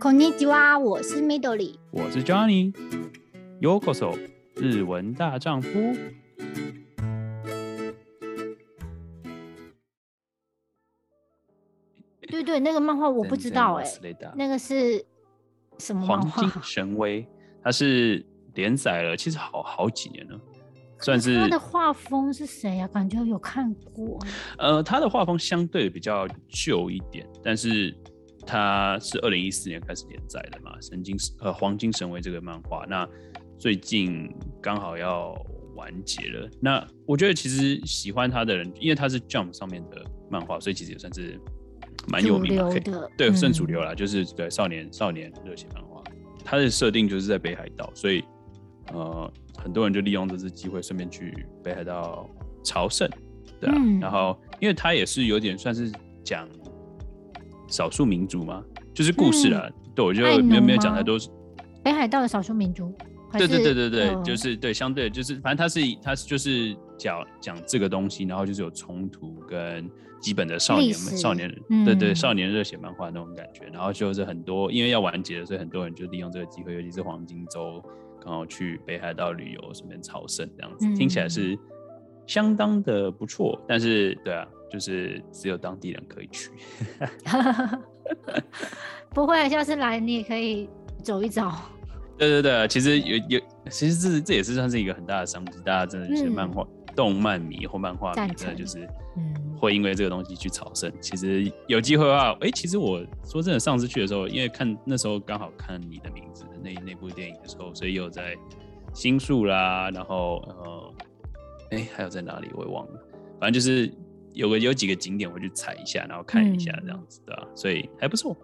Konnichiwa, 我是 Midori，我是 Johnny，Yokoso，日文大丈夫。對對，那個漫畫我不知道哎、欸，那個是什麼漫畫？黃金神威，它是連載了，其實好好幾年了，算是。他的畫風是誰啊？感覺有看過。呃，他的畫風相對比較舊一點，但是。他是二零一四年開始連載的嘛，《神經》呃，《黃金神威》這個漫畫，那最近剛好要完結了。那我覺得其實喜歡他的人，因為他是 Jump 上面的漫畫，所以其實也算是蠻有名的，對，算主流啦，嗯、就是對少年少年熱血漫畫。他的設定就是在北海道，所以呃，很多人就利用這次機會順便去北海道朝聖，對啊。嗯、然後，因為他也是有點算是講。少數民族嘛，就是故事啦。嗯、對，我就沒有沒有講太多。北海道的少數民族。對對對對對，呃、就是對，相對就是，反正它是它就是講講這個東西，然後就是有衝突跟基本的少年史少年，對對、對、嗯、少年熱血漫畫那種感覺。然後就是很多，因為要完結了，所以很多人就利用這個機會，尤其是黃金週，然後去北海道旅遊，順便朝聖這樣子，嗯、聽起來是相當的不錯。但是，對啊。就是只有當地人可以去 ， 不會，下次來你也可以走一走。 對對對，其實有有，其實這這也是算是一個很大的商機，大家真的是漫畫、嗯、動漫迷或漫畫迷，真的就是嗯，會因為這個東西去朝聖。嗯、其實有機會的話，哎、欸，其實我說真的，上次去的時候，因為看那時候剛好看你的名字的那那部電影的時候，所以有在新宿啦，然後呃，哎、欸，還有在哪裡我也忘了，反正就是。有個有幾個景點我去踩一下，然後看一下這樣子，的、嗯。所以還不錯，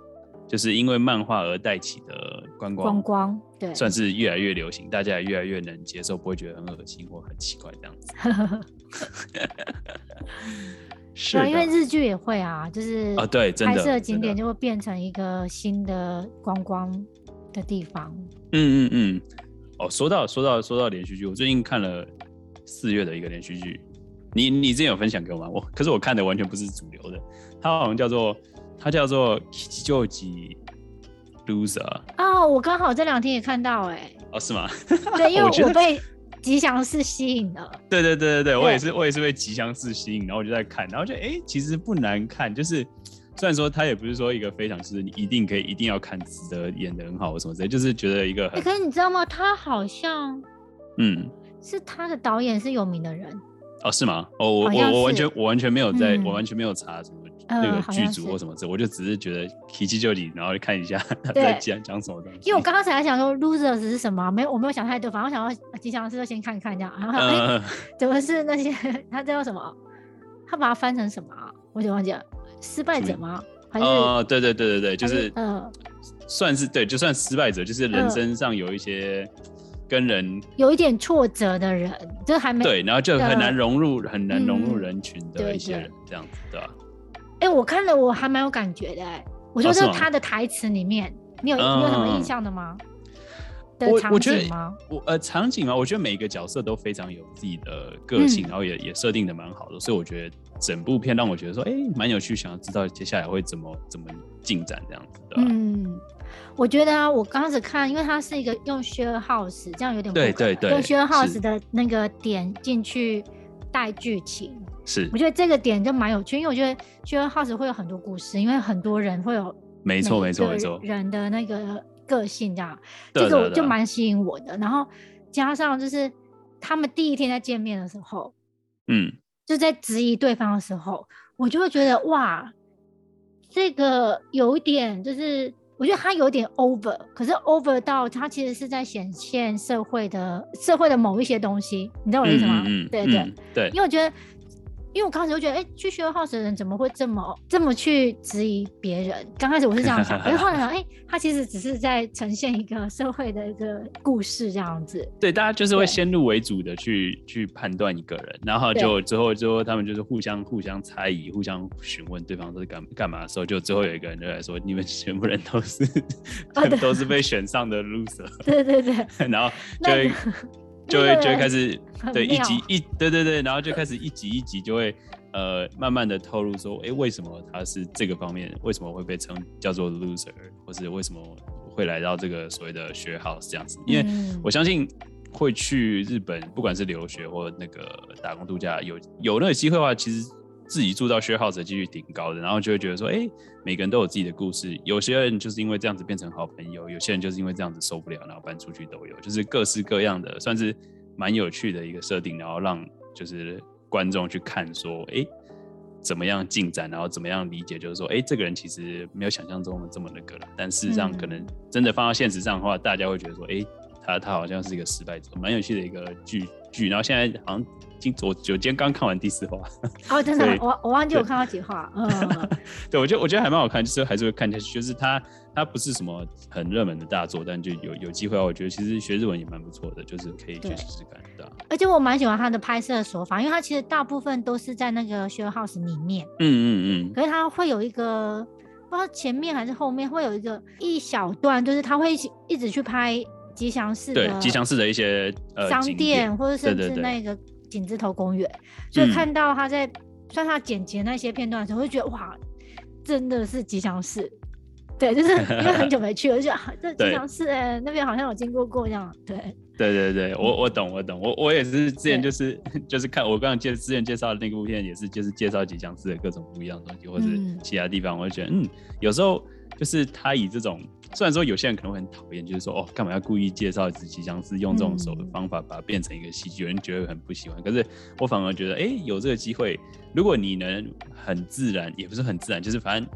就是因為漫畫而帶起的觀光光光，對，算是越來越流行，大家也越來越能接受，不會覺得很噁心或很奇怪這樣子。是，因為日劇也會啊，就是啊，對，真的拍攝景點就會變成一個新的觀光,光的地方。嗯嗯嗯。哦，說到說到說到連續劇，我最近看了四月的一個連續劇。你你之前有分享給我嗎？我可是我看的完全不是主流的，他好像叫做他叫做就急 loser。哦，oh, 我剛好這兩天也看到哎、欸。哦，oh, 是嗎？對，因為 我,得我被吉祥寺吸引了。對對對對對，對我也是我也是被吉祥寺吸引，然後我就在看，然後就哎、欸，其實不難看，就是雖然說他也不是說一個非常就是，你一定可以一定要看值得演得很好或什麼之類，就是覺得一個很、欸。可是你知道嗎？他好像嗯，是他的導演是有名的人。嗯哦，是嗎？哦，我我我完全我完全沒有在，嗯、我完全沒有查什麼那個劇組或什麼字，呃、我就只是覺得提起就理，然後看一下他在講講對什麼東西。因為我剛剛才還想說 losers 是什麼，沒有，我沒有想太多，反正我想要吉祥寺就先看看這樣。然後、呃欸、怎麼是那些？他在說什麼？他把它翻成什麼？我有點忘記，失敗者嗎？名還是？哦、呃，對對對對對，就是，嗯、呃，算是對，就算失敗者，就是人生上有一些。呃呃跟人有一點挫折的人，這還沒對，然後就很難融入，嗯、很難融入人群的一些人，這樣子對吧。啊？哎、欸，我看了我還蠻有感覺的。欸、哎、啊，我就是他的台詞裡面，啊、你有、嗯、你有什麼印象的嗎？我的場景嗎？我，我，覺得我呃場景啊，我覺得每一個角色都非常有自己的個性，嗯、然後也也設定的蠻好的，所以我覺得整部片讓我覺得說，哎、欸，蠻有趣，想要知道接下來會怎麼怎麼進展這樣子的，對啊，嗯。我覺得啊，我剛開始看，因為它是一個用 share house 這樣有點不可能對對對，用 share house 的那個點進去帶劇情，是我覺得這個點就蠻有趣，因為我覺得 share house 會有很多故事，因為很多人會有沒錯沒錯沒錯人的那個個性這樣，對對對，這個就蠻吸引我的。對對對，然後加上就是他們第一天在見面的時候，嗯，就在質疑對方的時候，我就會覺得哇，這個有一點就是。我覺得它有點 over，可是 over 到它其實是在顯現社會的社會的某一些東西，你知道我的意思嗎？嗯嗯嗯，對對對，嗯、對，因為我覺得。因為我剛才就覺得，哎、欸，去學 house 的人怎麼會這麼這麼去質疑別人？剛開始我是這樣想，哎， 後來想，哎，他其實只是在呈現一個社會的一個故事，這樣子。對，大家就是會先入為主的去對去判斷一個人，然後就對最後最後他們就是互相互相猜疑，互相詢問對方是干幹嘛的時候，就最後有一個人就來說，你們全部人都是，啊、都是被選上的 loser。對對對。然後就。那就會就會開始，對，很妙。一集一，對對對，然後就開始一集一集就會呃慢慢的透露說，誒、欸，為什麼他是這個方面，為什麼會被稱叫做 loser，或是為什麼會來到這個所謂的 share house 這樣子？因為我相信會去日本，不管是留學或那個打工度假，有有那個機會的話，其實。自己住到 share house 的機率挺高的，然後就會覺得說，誒、欸，每個人都有自己的故事，有些人就是因為這樣子變成好朋友，有些人就是因為這樣子受不了，然後搬出去都有，就是各式各樣的，算是蠻有趣的一個設定，然後讓就是觀眾去看說，誒、欸，怎麼樣進展，然後怎麼樣理解，就是說，誒、欸，這個人其實沒有想象中的這麼那個了，但事實上可能真的放到現實上的話，大家會覺得說，誒、欸……他他好像是一個失敗者，蠻有趣的一個劇劇。然後現在好像今昨，我今天剛看完第四話。哦，真的，對我我忘記我看到幾話啊。嗯， 對，我覺得我覺得還蠻好看，就是還是會看下去。就是他他不是什麼很熱門的大作，但就有有機會，我覺得其實學日文也蠻不錯的，就是可以去試試看，對，而且我蠻喜歡他的拍攝手法，因為他其實大部分都是在那個 share house 裡面。嗯嗯嗯。可是他會有一個不知道前面還是後面，會有一個一小段，就是他會一直，一直去拍。吉祥寺的吉祥寺的一些、呃、商店，或者是那個井之頭公園。對對對，就看到他在，算他剪輯的那些片段的時候，會、嗯、覺得哇，真的是吉祥寺，對，就是因為很久沒去了， 就這吉祥寺哎、欸，對那邊好像有經過過這樣，對，對對對，我我懂我懂，我懂我，我也是之前就是對 就是看我剛剛介之前介紹的那個部片，也是就是介紹吉祥寺的各種不一樣的東西，嗯、或者其他地方，我就覺得嗯，有時候。就是他以這種，雖然說有些人可能會很討厭，就是說哦，幹嘛要故意介紹吉祥寺，用這種手的方法把它變成一個戲劇，嗯、有人覺得很不喜歡。可是我反而覺得，哎、欸，有這個機會，如果你能很自然，也不是很自然，就是反正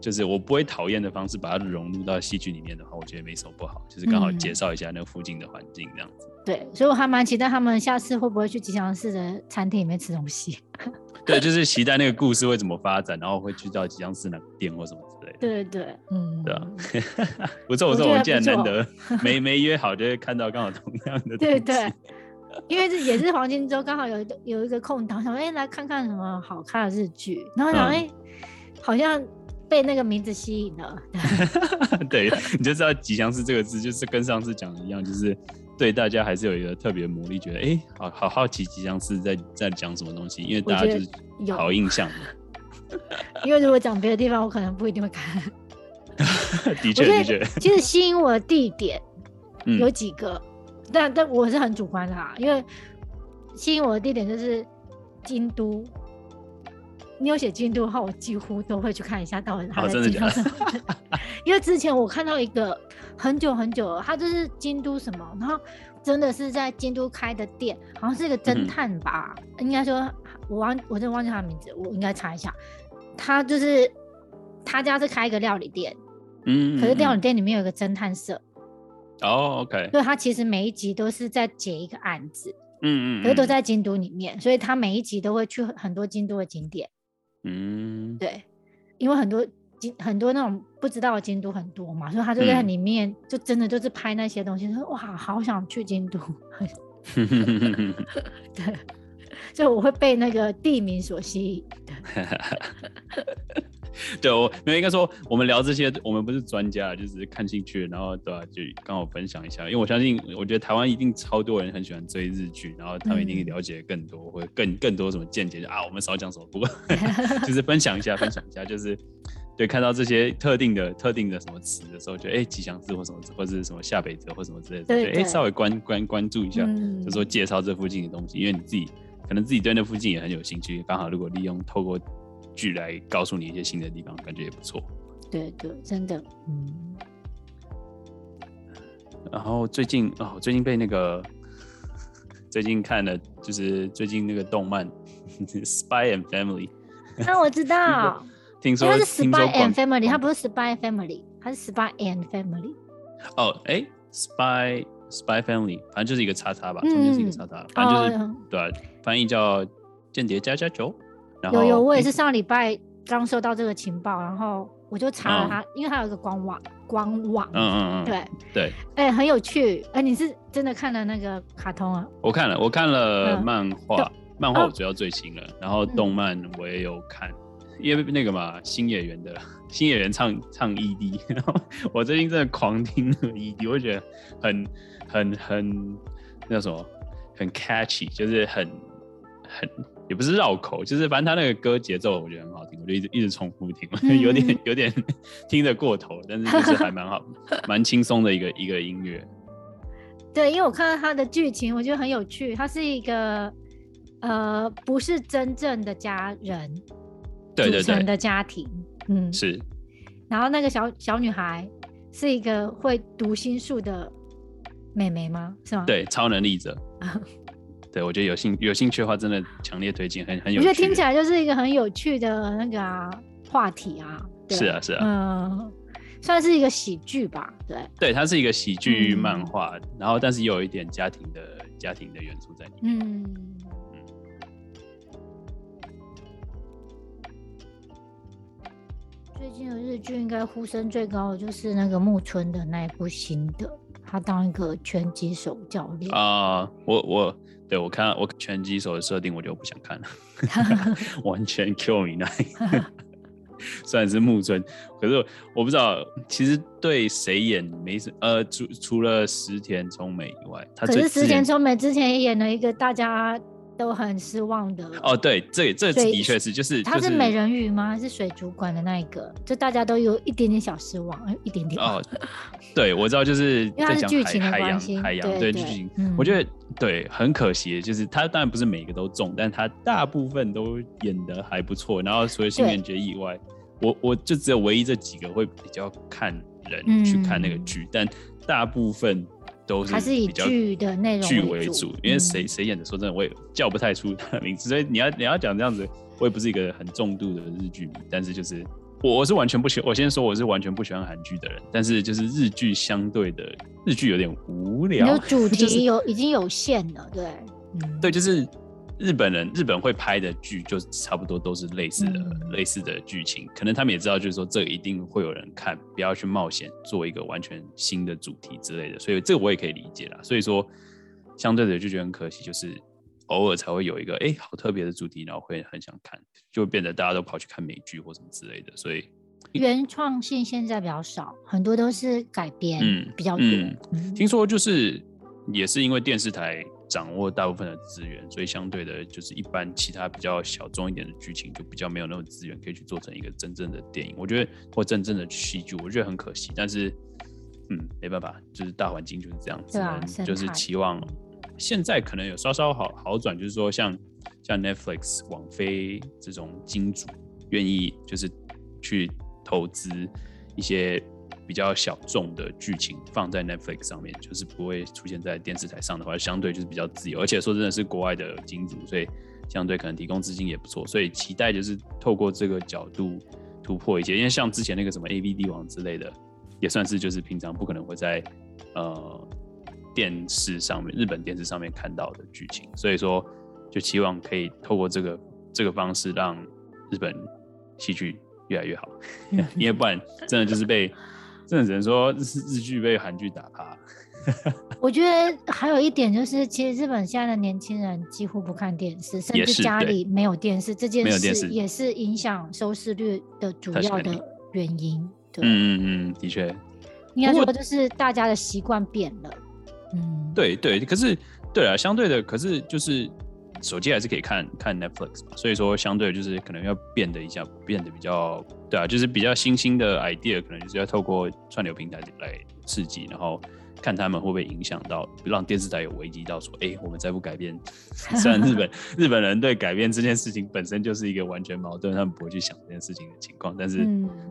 就是我不會討厭的方式把它融入到戲劇裡面的話，我覺得沒什麼不好。就是剛好介紹一下那附近的環境這樣子。對，所以我還蠻期待他們下次會不會去吉祥寺的餐廳裡面吃東西。對，就是期待那個故事會怎麼發展，然後會去到吉祥寺那個店或什麼。對對對，嗯，對啊，我說我說我今天難得沒 沒約好，就會看到剛好同樣的東西。對對，因為這也是黃金周，剛好有有一個空檔，想哎、欸、來看看什麼好看的日劇，然後想哎、嗯欸、好像被那個名字吸引了。對， 對，你就知道“吉祥寺”這個字，就是跟上次講的一樣，就是對大家還是有一個特別的魔力，覺得哎好、欸、好好奇“吉祥寺”在在講什麼東西，因為大家就是有好印象。 因為如果講別的地方，我可能不一定會看。 的確確，的確。我覺得其實吸引我的地點有幾個，嗯、但但我是很主觀的啊。因為吸引我的地點就是京都。你有寫京都的話，我幾乎都會去看一下到底他在講什麼。真的假的 因為之前我看到一個很久很久，他就是京都什麼，然後真的是在京都開的店，好像是一個偵探吧，嗯、應該說。我忘，我真的忘記他的名字，我應該查一下。他就是他家是開一個料理店，嗯，嗯，嗯，可是料理店裡面有個偵探社。哦、oh,，OK。所以他其實每一集都是在解一個案子，嗯，嗯嗯，可是都在京都裡面，所以他每一集都會去很多京都的景點。嗯，對，因為很多京很多那種不知道的京都很多嘛，所以他就在他裡面就真的就是拍那些東西，說、嗯、哇，好想去京都。 對。就我會被那個地名所吸引的。 對，我沒應該說我們聊這些，我們不是專家，就是看興趣，然後對吧、啊？就剛好分享一下，因為我相信，我覺得台灣一定超多人很喜歡追日劇，然後他們一定了解更多，嗯、或者更更多什麼見解。啊，我們少講什麼不？ 就是分享一下，分享一下，就是對看到這些特定的、特定的什麼詞的時候，就哎、欸，吉祥寺或什麼字，或是什麼下北澤或什麼之類的，對就哎，欸、對稍微關關關注一下，嗯、就是說介紹這附近的東西，因為你自己。可能自己對那附近也很有興趣，剛好如果利用透過劇來告訴你一些新的地方，感覺也不錯。對對，真的，嗯、然後最近哦，最近被那個最近看了，就是最近那個動漫《 Spy and Family》啊。那我知道， 聽說它是《Spy and Family》，它不是《Spy Family》，它是《Spy and Family》。哦，哎，Spy Spy Family，反正就是一個叉叉吧，嗯、中間是一個叉叉，反正就是、哦、對、啊。翻譯叫《間諜家家酒》，有有，我也是上禮拜剛收到這個情報，嗯、然後我就查了他，嗯、因為他有一個官網，官網，嗯嗯嗯，對對，哎對、欸，很有趣，哎、欸，你是真的看了那個卡通啊？我看了，我看了漫畫，嗯、漫畫我主要最新了，嗯、然後動漫我也有看，嗯、因為那個嘛，新演員的新演員唱唱 ED，然後我最近真的狂聽那個 ED，我覺得很很很那什麼，很 catchy，就是很。很也不是繞口，就是反正他那個歌節奏我覺得很好聽，我就一直一直重複聽，嗯嗯 有點有點聽得過頭，但是就是還蠻好，蠻輕鬆的一個一個音樂。對，因為我看到他的劇情，我覺得很有趣。他是一個呃，不是真正的家人組成的家庭，對對對嗯，是。然後那個小小女孩是一個會讀心術的妹妹嗎？是嗎？對，超能力者。 對，我覺得有興有興趣的話，真的強烈推薦，很很有趣。我覺得聽起來就是一個很有趣的那個、啊、話題啊。對，是啊，是啊，嗯，算是一個喜劇吧，對。對，它是一個喜劇漫畫，嗯、然後但是有一點家庭的家庭的元素在裡面。嗯。嗯最近的日劇應該呼聲最高的就是那個木村的那一部新的，他當一個拳擊手教練啊，我我。對，我看我拳擊手的設定，我就不想看了， 完全 kill cue me 那，雖然是木村，可是我，我不知道，其實對誰演沒什呃，除除了石田聰美以外，他最可是石田聰美之前也演了一個大家。都很失望的哦，對，這這的確是，以就是他是美人魚嗎？是水族館的那一個，就大家都有一點點小失望，呃、一點點哦。對，我知道，就是在講海海洋海洋，海洋對劇對情，嗯、我覺得對很可惜的，就是他當然不是每個都中，但他大部分都演得還不錯，然後除了新運值以外，對我我就只有唯一這幾個會比較看人去看那個劇，嗯、但大部分，都是還是以劇的內容劇為主，因為誰誰演的，說真的我也叫不太出他名字，嗯、所以你要你要講這樣子，我也不是一個很重度的日劇迷，但是就是我是完全不喜，我先說我是完全不喜歡韓劇的人，但是就是日劇相對的，日劇有點無聊，主題有、， 就是、有已經有限了，對，嗯、對，就是。日本人日本會拍的劇，就差不多都是類似的、嗯、類似的劇情，可能他們也知道，就是說這一定會有人看，不要去冒險做一個完全新的主題之類的，所以這個我也可以理解啦。所以說，相對的就覺得很可惜，就是偶爾才會有一個哎、欸，好特別的主題，然後會很想看，就變得大家都跑去看美劇或什麼之類的。所以原創性現在比較少，很多都是改編，嗯，比較多、嗯。聽說就是也是因為電視台。掌握大部分的資源，所以相對的，就是一般其他比較小眾一點的劇情，就比較沒有那種資源可以去做成一個真正的電影，我覺得，或真正的戲劇，我覺得很可惜。但是，嗯，沒辦法，就是大環境就是這樣子。就是期望現在可能有稍稍好好轉，就是說像像 Netflix、網飛這種金主願意就是去投資一些。比較小眾的劇情放在 Netflix 上面，就是不會出現在電視台上的話，相對就是比較自由。而且說真的是國外的金主，所以相對可能提供資金也不錯。所以期待就是透過這個角度突破一些，因為像之前那個什麼 A B D 網之類的，也算是就是平常不可能會在呃電視上面，日本電視上面看到的劇情。所以說，就期望可以透過這個這個方式，讓日本戲劇越來越好。因為不然真的就是被。真的只能說是日日劇被韓劇打趴。 我覺得還有一點就是，其實日本現在的年輕人幾乎不看電視，甚至家裡沒有電視，這件事也是影響收視率的主要的原因。對，嗯嗯嗯，的確，應該說就是大家的習慣變了。我嗯，對，對對，可是對啊，相對的，可是就是。手機還是可以看，看 Netflix 嘛。所以說，相對就是可能要變得一下，變得比較，對啊，就是比較新興的 idea，可能就是要透過串流平台來刺激，然後看他們會不會影響到，讓電視台有危機到說，哎、欸，我們再不改變。雖然日本 日本人對改變這件事情本身就是一個完全矛盾，他們不會去想這件事情的情況，但是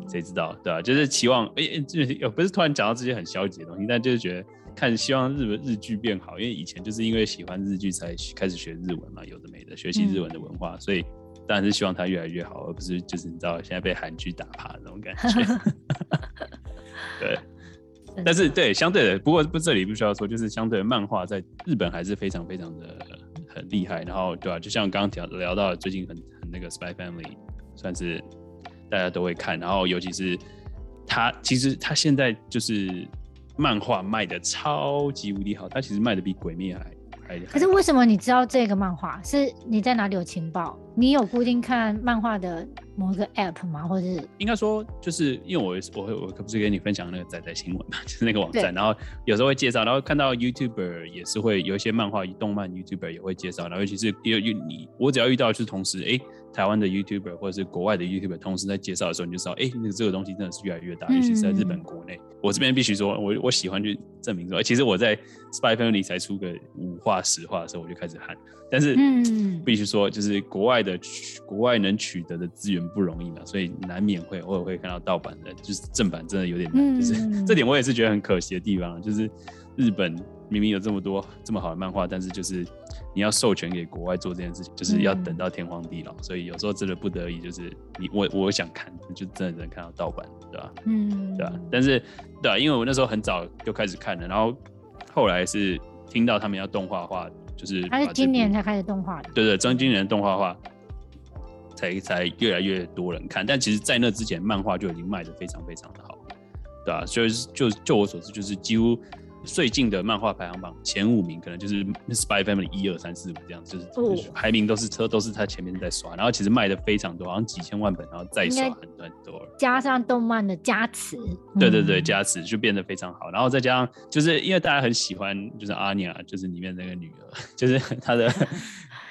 誰知道對啊？就是期望，哎、欸，這、欸、也不是突然講到這些很消極的東西，但就是覺得。看，希望日本日劇變好，因為以前就是因為喜歡日劇才開始學日文嘛，有的沒的，學習日文的文化，嗯、所以當然是希望它越來越好，而不是就是你知道現在被韓劇打趴那種感覺。 對，真的。但是對相對的，不過不這裡不需要說，就是相對的漫畫在日本還是非常非常的很厲害，然後對啊，就像剛剛聊聊到最近很很那個《Spy Family》，算是大家都會看，然後尤其是他，其實他現在就是。漫畫賣的超級無敵好，它其實賣的比鬼滅還還，還可是為什麼你知道這個漫畫？是你在哪裡有情報？你有固定看漫畫的某一個 app 嗎？或者是應該說，就是因為我我會我可不是跟你分享那個仔仔新聞嘛，就是那個網站，對然後有時候會介紹，然後看到 youtuber 也是會有一些漫畫動漫 youtuber 也會介紹，然後尤其是有有你，你我只要遇到的是同事哎。欸台灣的 YouTuber 或者是國外的 YouTuber 同時在介紹的時候，你就知道，哎、欸，那這個東西真的是越來越大，尤其是在日本國內。嗯、我這邊必須說，我我喜歡去證明說，其實我在 Spy Family 才出個五話十話的時候，我就開始喊。但是，必須說，就是國外的國外能取得的資源不容易嘛，所以難免會偶爾會看到盜版的，就是正版真的有點難。嗯、就是這點，我也是覺得很可惜的地方，就是日本。明明有這麼多這麼好的漫畫，但是就是你要授權給國外做這件事情，就是要等到天荒地老。嗯、所以有時候真的不得已，就是你我我想看，就真的只能看到盜版，對吧、啊？嗯，對吧、啊？但是對、啊，因為我那時候很早就開始看了，然後後來是聽到他們要動畫化，就是它是今年才開始動畫的，對，對對，剛今年動畫化才才越來越多人看，但其實，在那之前，漫畫就已經賣得非常非常的好，對啊。所以就就我所知，就是幾乎。最近的漫畫排行榜前五名，可能就是 Spy Family 一二三四五這樣，就是排名都是車都是他前面在刷，然後其實賣的非常多，好像幾千萬本，然後再刷很多很多。加上動漫的加持，對對對，加持就變得非常好。然後再加上，就是因為大家很喜歡，就是阿尼亞，就是裡面那個女兒，就是她的，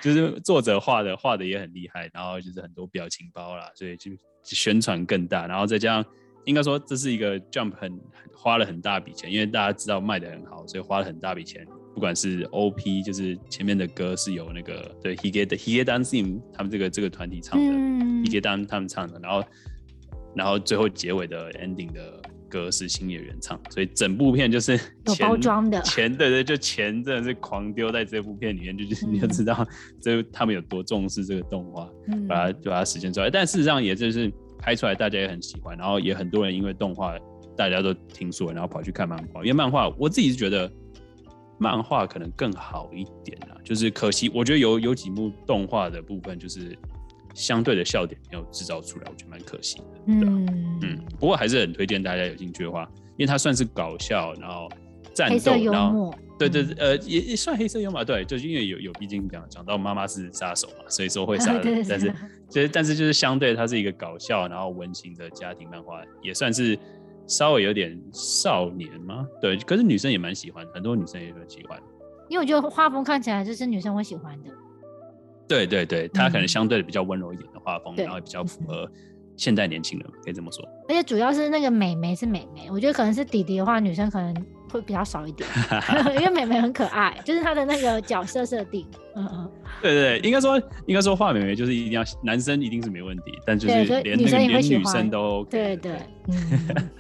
就是作者畫的畫的也很厲害，然後就是很多表情包啦，所以就宣傳更大。然後再加上。應該說這是一個 Jump 很花了很大筆錢，因為大家知道賣的很好，所以花了很大筆錢。不管是 OP，就是前面的歌是有那個對髭男髭男 dism 他們這個這個團體唱的髭男 dism 他們唱的，然後然後最後結尾的 ending 的歌是星野源唱，所以整部片就是有包裝的錢，對對，就錢真的是狂丟在這部片裡面，就是你、嗯、就知道這他們有多重視這個動畫，把它、嗯、把它實現出來，但事實上也就是。拍出來大家也很喜歡，然後也很多人因為動畫大家都聽說，然後跑去看漫畫。因為漫畫我自己是覺得，漫畫可能更好一點啊。就是可惜，我覺得有有幾部動畫的部分，就是相對的笑點沒有制造出來，我覺得蠻可惜的。嗯嗯，不過還是很推薦大家有興趣的話，因為它算是搞笑，然後戰鬥，然後。對對、嗯、呃，也也算黑色幽默，對，就是因為有有，畢竟講講到媽媽是殺手嘛，所以說會殺人，呵呵，對對對，但是，就是但是就是相對它是一個搞笑然後溫馨的家庭漫畫，也算是稍微有點少年嘛，對，可是女生也蠻喜歡，很多女生也喜歡，因為我覺得畫風看起來就是女生會喜歡的，對對對，它可能相對比較溫柔一點的畫風，嗯、然後也比較符合。 現代年輕人可以這麼說，而且主要是那個美眉是美眉，我覺得可能是弟弟的話，女生可能會比較少一點， 因為美眉很可愛，就是她的那個角色設定。嗯 嗯，對,對對，應該說應該說畫美眉就是一定要男生一定是沒問題，但就是連女生都 OK, 對,對對，嗯，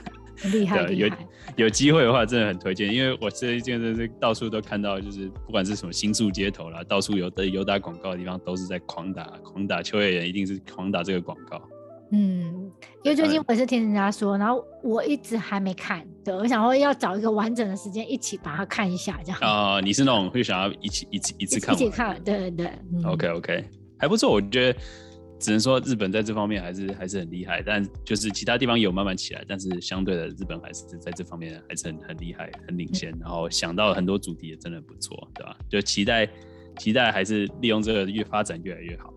厲、 嗯、害對有有機會的話真的很推薦，因為我最近真的是到處都看到，就是不管是什麼新宿街頭啦， 到處有的有打廣告的地方都是在狂打狂打秋葉原一定是狂打這個廣告。嗯，因為最近我是聽人家說，嗯、然後我一直還沒看，對，我想說要找一個完整的時間一起把它看一下，這樣。啊、呃，你是那種會想要一起、一起、一次看，一起看，一起看，對對對。嗯、OK OK，還不錯，我覺得只能說日本在這方面還是還是很厲害，但就是其他地方有慢慢起來，但是相對的日本還是在這方面還是很很厲害，很領先。嗯、然後想到很多主題也真的不錯，對吧？就期待，期待還是利用這個越發展越來越好。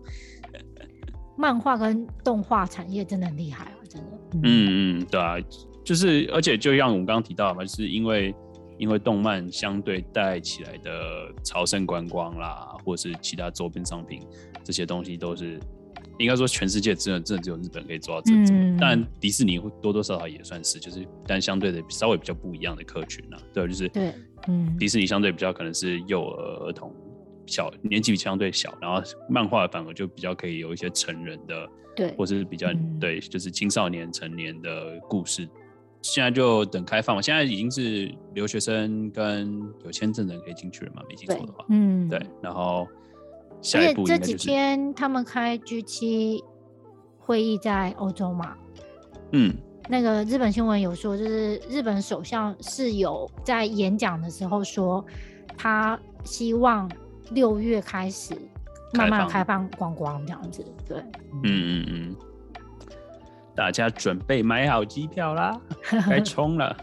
漫畫跟動畫產業真的很厲害啊，真的。嗯嗯，對啊，就是而且就像我們剛剛提到嘛，就是因為因為動漫相對帶起來的朝聖觀光啦，或是其他周邊商品這些東西，都是應該說全世界只有真的只有日本可以做到這種。嗯、但迪士尼會多多少少也算是，就是但相對的稍微比較不一樣的客群啊，對啊就是對，嗯，迪士尼相對比較可能是幼兒兒童。小，年紀比相對小，然後漫畫的反而就比較可以有一些成人的，對，或是比較、嗯、對，就是青少年成年的故事。現在就等開放嘛，現在已經是留學生跟有簽證的可以進去了嘛，沒記錯的話，嗯，對。然後下一步、就是，而且這幾天他們開 G7 會議在歐洲嘛，嗯，那個日本新聞有說，就是日本首相是有在演講的時候說，他希望。六月開始開放慢慢開放，光光這樣子，對，嗯嗯嗯，大家準備買好機票啦，該衝了。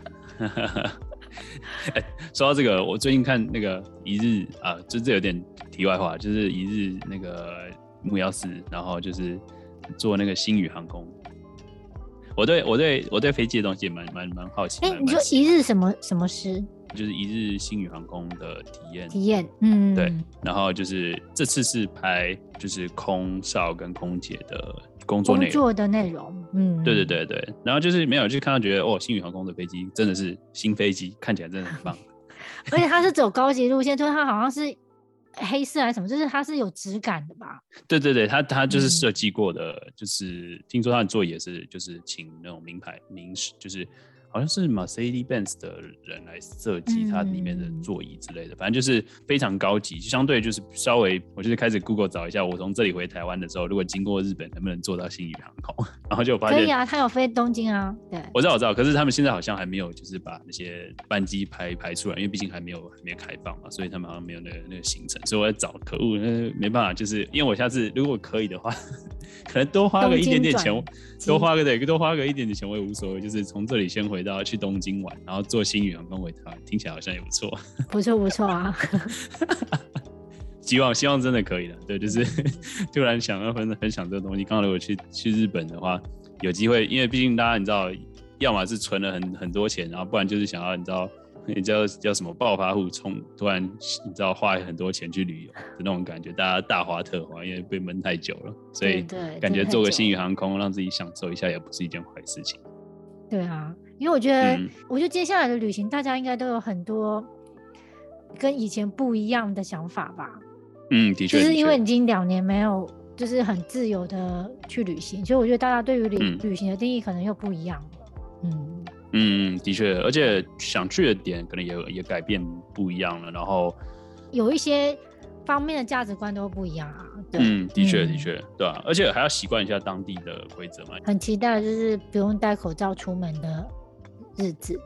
哎， 說到這個，我最近看那個一日啊，就這有點題外話，就是一日那個木曜四，然後就是坐那個星宇航空。我對我對我對飛機的東西也蠻蠻蠻好奇。哎、欸，你說一日什麼什麼詩？就是一日星宇航空的體驗，體驗，嗯，對。然後就是這次是拍就是空少跟空姐的工作內容，工作的內容，嗯，對對對對。然後就是沒有就看到覺得哦，星宇航空的飛機真的是新飛機，看起來真的很棒。而且它是走高級路線，就 是它好像是黑色還是什麼，就是它是有質感的吧？對對對，它它就是設計過的，嗯、就是聽說它的座椅也是就是請那種名牌名就是。好像是 Mercedes-Benz 的人來設計它裡面的座椅之類的，嗯嗯，反正就是非常高級，就相對就是稍微，我就是開始 Google 找一下，我從這裡回台灣的時候，如果經過日本，能不能坐到星宇航空？然後就發現可以啊，他有飛東京啊。對，我知道，我知道，可是他們現在好像還沒有就是把那些班機排排出來，因為畢竟還沒有還沒有開放嘛，所以他們好像沒有那個、那個行程。所以我在找，可惡，沒辦法，就是因為我下次如果可以的話，可能多花個一點點錢，多花個，對，，多花個一點點錢我也無所謂，就是從這裡先回。回到去東京玩，然後坐新宇航空回台灣，聽起來好像也不錯，不錯不錯啊！ 希望希望真的可以的，對，就是突然想要很很想這個東西。剛好如果去去日本的話，有機會，因為畢竟大家你知道，要麼是存了很很多錢，然後不然就是想要你知道，你知道叫，叫什麼暴發戶衝，突然你知道花很多錢去旅遊的那種感覺，大家大花特花，因為被悶太久了，所以感覺坐個新宇航空，讓自己享受一下，也不是一件壞事情，嗯。對啊。因為我覺得，嗯、我覺得接下來的旅行，大家應該都有很多跟以前不一樣的想法吧。嗯，的確，就是因為已經兩年沒有，就是很自由的去旅行，所以我覺得大家對於旅、嗯、旅行的定義可能又不一樣了。嗯嗯，的確，而且想去的點可能也也改變不一樣了。然後有一些方面的價值觀都不一樣啊。對嗯，的確，嗯、的確，對啊。而且還要習慣一下當地的規則嘛。很期待，就是不用戴口罩出門的。日子，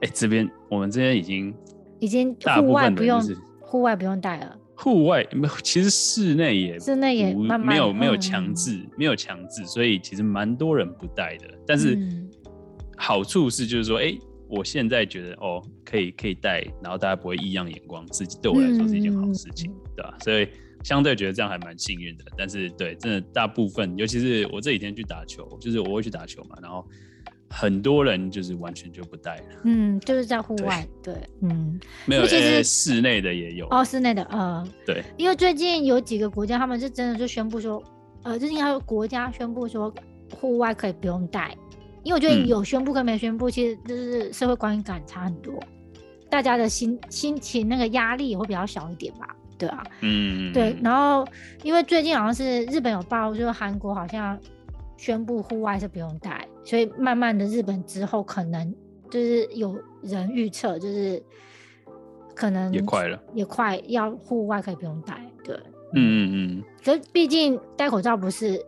哎、欸，這邊我們這邊已經已經戶外不用，戶外不用帶了。戶外，其實室內也室內也慢慢沒有沒有強制，沒有強制，、嗯、制，所以其實蠻多人不帶的。但是好處是，就是說，哎、欸，我現在覺得哦、喔，可以可以帶，然後大家不會異樣眼光，自己對我來說是一件好事情，嗯、對吧、啊？所以相對覺得這樣還蠻幸運的。但是，對，真的大部分，尤其是我這幾天去打球，就是我會去打球嘛，然後。很多人就是完全就不戴了，嗯，就是在戶外，對，對，嗯，沒有，其實、哎、室內的也有哦，室內的，嗯，對，因為最近有幾個國家，他們是真的就宣布說，呃，最近還有國家宣布說，戶外可以不用戴，因為我覺得有宣布跟沒宣布，嗯、其實就是社會觀感差很多，大家的心心情那個壓力也會比較小一點吧，對啊，嗯，對，然後因為最近好像是日本有報，就是韓國好像宣布戶外是不用戴。所以慢慢的，日本之後可能就是有人預測，就是可能也快了，也快要戶外可以不用戴，對，嗯嗯嗯。可是畢竟戴口罩不是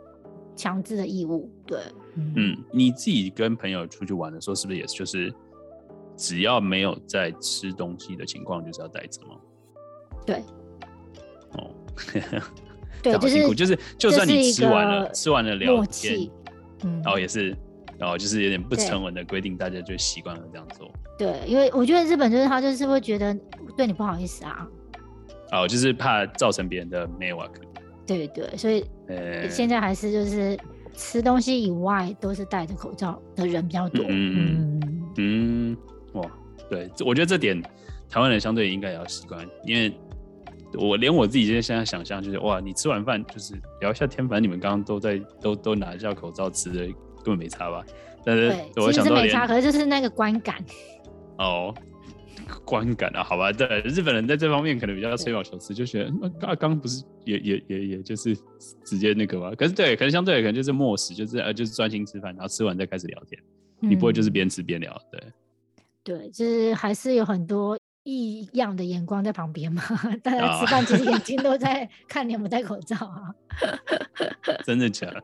強制的義務，對，嗯。你自己跟朋友出去玩的時候，是不是也是就是只要沒有在吃東西的情況，就是要戴着嗎？對。哦，對， 好辛苦就是就是，就算你吃完了，吃完了聊，默契嗯，然後也是。然後、哦、就是有點不成文的規定，大家就習慣了這樣做。對，因為我覺得日本就是他就是會覺得對你不好意思啊。哦，就是怕造成別人的迷惑。y 對對，所以呃，現在還是就是吃東西以外都是戴着口罩的人比較多。嗯嗯嗯，哇，對，我覺得這點台灣人相對應該也要習慣，因為我連我自己現在想象就是哇，你吃完飯就是聊一下天，反正你們剛剛都在都都拿一下口罩吃的。根本沒差吧？但是其實是沒差，可是就是那個觀感。哦，觀感啊，好吧，對，日本人在這方面可能比較要吹毛求疵，對就覺得那剛剛不是也也也也就是直接那個嗎？可是對，可能相對可能就是默食，就是呃，就是專心吃飯，然後吃完再開始聊天。嗯、你不會就是邊吃邊聊，對？對，就是還是有很多。異樣的眼光在旁邊嗎？大家吃飯其實眼睛都在看你有沒有戴口罩啊？Oh, 真的假的？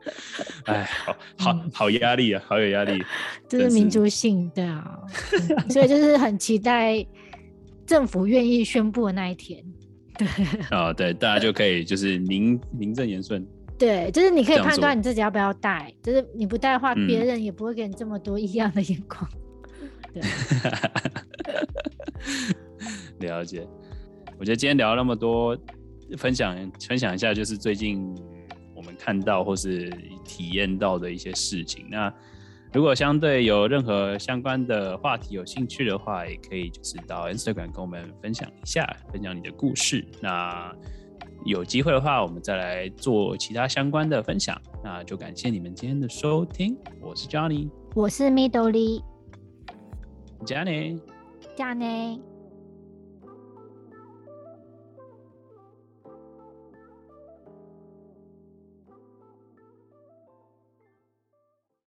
哎，好好壓力啊，好有壓力。嗯、是這是民族性的，對啊、 嗯，所以就是很期待政府願意宣布的那一天。對哦，oh, 對，大家就可以就是名名正言順。對，就是你可以判斷你自己要不要戴。就是你不戴的話，別、嗯、人也不會給你這麼多異樣的眼光。對。 了解，我覺得今天聊了那麼多，分享分享一下，就是最近我們看到或是體驗到的一些事情。那如果相對有任何相關的話題有興趣的話，也可以就是到 Instagram 跟我們分享一下，分享你的故事。那有機會的話，我們再來做其他相關的分享。那就感謝你們今天的收聽，我是 Johnny，我是 Midori，Johnny，Johnny。Johnny